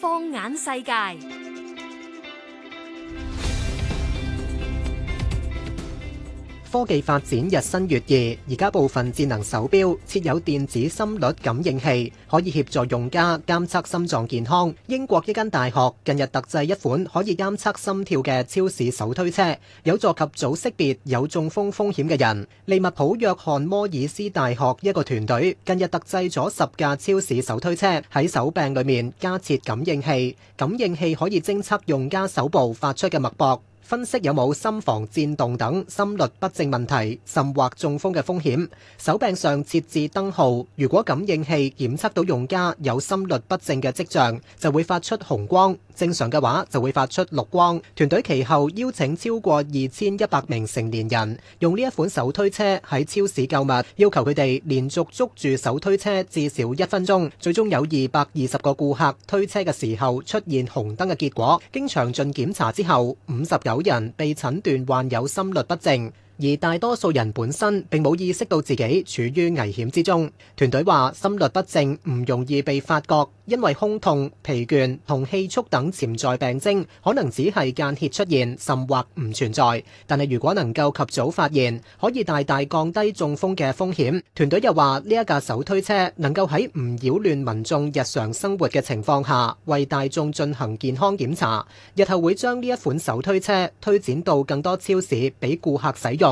放眼世界。科技發展日新月異，而家部分智能手錶設有電子心率感應器，可以協助用家監測心臟健康。英國一間大學近日特製一款可以監測心跳嘅超市手推車，有助及早識別有中風風險嘅人。利物浦約翰摩爾斯大學一個團隊近日特製咗十架超市手推車，喺手柄裏面加設感應器，感應器可以偵測用家手部發出嘅脈搏。分析有冇心房顫動等心律不正問題，甚或中風嘅風險。手柄上設置燈號，如果感應器檢測到用家有心律不正嘅跡象，就會發出紅光。正常嘅話就會發出綠光。團隊其後邀請超過二千一百名成年人用呢一款手推車喺超市購物，要求佢哋連續捉住手推車至少一分鐘。最終有二百二十個顧客推車嘅時候出現紅燈嘅結果。經詳盡檢查之後，五十九人被診斷患有心律不正。而大多數人本身並冇意識到自己處於危險之中。團隊話心律不正唔容易被發覺，因為胸痛、疲倦同氣促等潛在病徵可能只係間歇出現甚或唔存在。但係如果能夠及早發現，可以大大降低中風嘅風險。團隊又話呢一架手推車能夠喺唔擾亂民眾日常生活嘅情況下，為大眾進行健康檢查。日後會將呢一款手推車推展到更多超市俾顧客使用。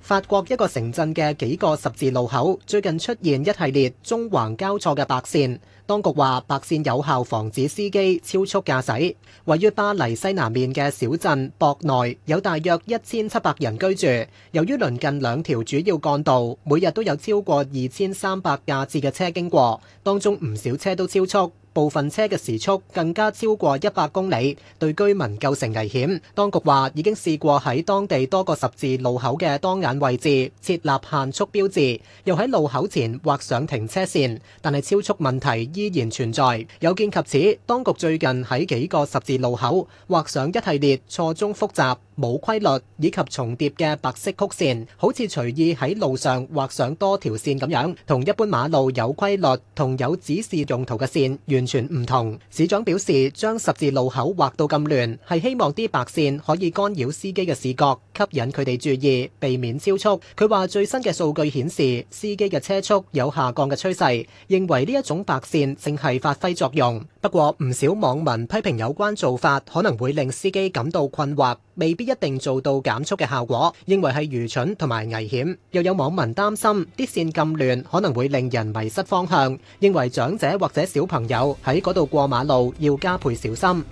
法國一個城鎮嘅幾個十字路口最近出現一系列縱橫交錯嘅白線，當局話白線有效防止司機超速駕駛。位於巴黎西南面嘅小鎮博內有大約一千七百人居住，由於鄰近兩條主要幹道，每日都有超過二千三百架次嘅車經過，當中唔少車都超速。部分車嘅時速更加超過一百公里，對居民構成危險。當局話已經試過喺當地多個十字路口嘅當眼位置設立限速標誌，又喺路口前畫上停車線，但係超速問題依然存在。有見及此，當局最近喺幾個十字路口畫上一系列錯綜複雜、冇規律以及重疊嘅白色曲線，好似隨意喺路上畫上多條線咁樣，同一般馬路有規律同有指示用途嘅線完全唔同。市長表示，將十字路口畫到咁亂，係希望啲白線可以干擾司機嘅視覺，吸引佢哋注意，避免超速。佢話最新嘅數據顯示，司機嘅車速有下降嘅趨勢，認為呢一種白線正係發揮作用。不過唔少網民批評有關做法可能會令司機感到困惑，未必一定做到減速嘅效果，認為係愚蠢同埋危險。又有網民擔心啲線咁亂可能會令人迷失方向，認為長者或者小朋友，喺嗰度過馬路要加倍小心。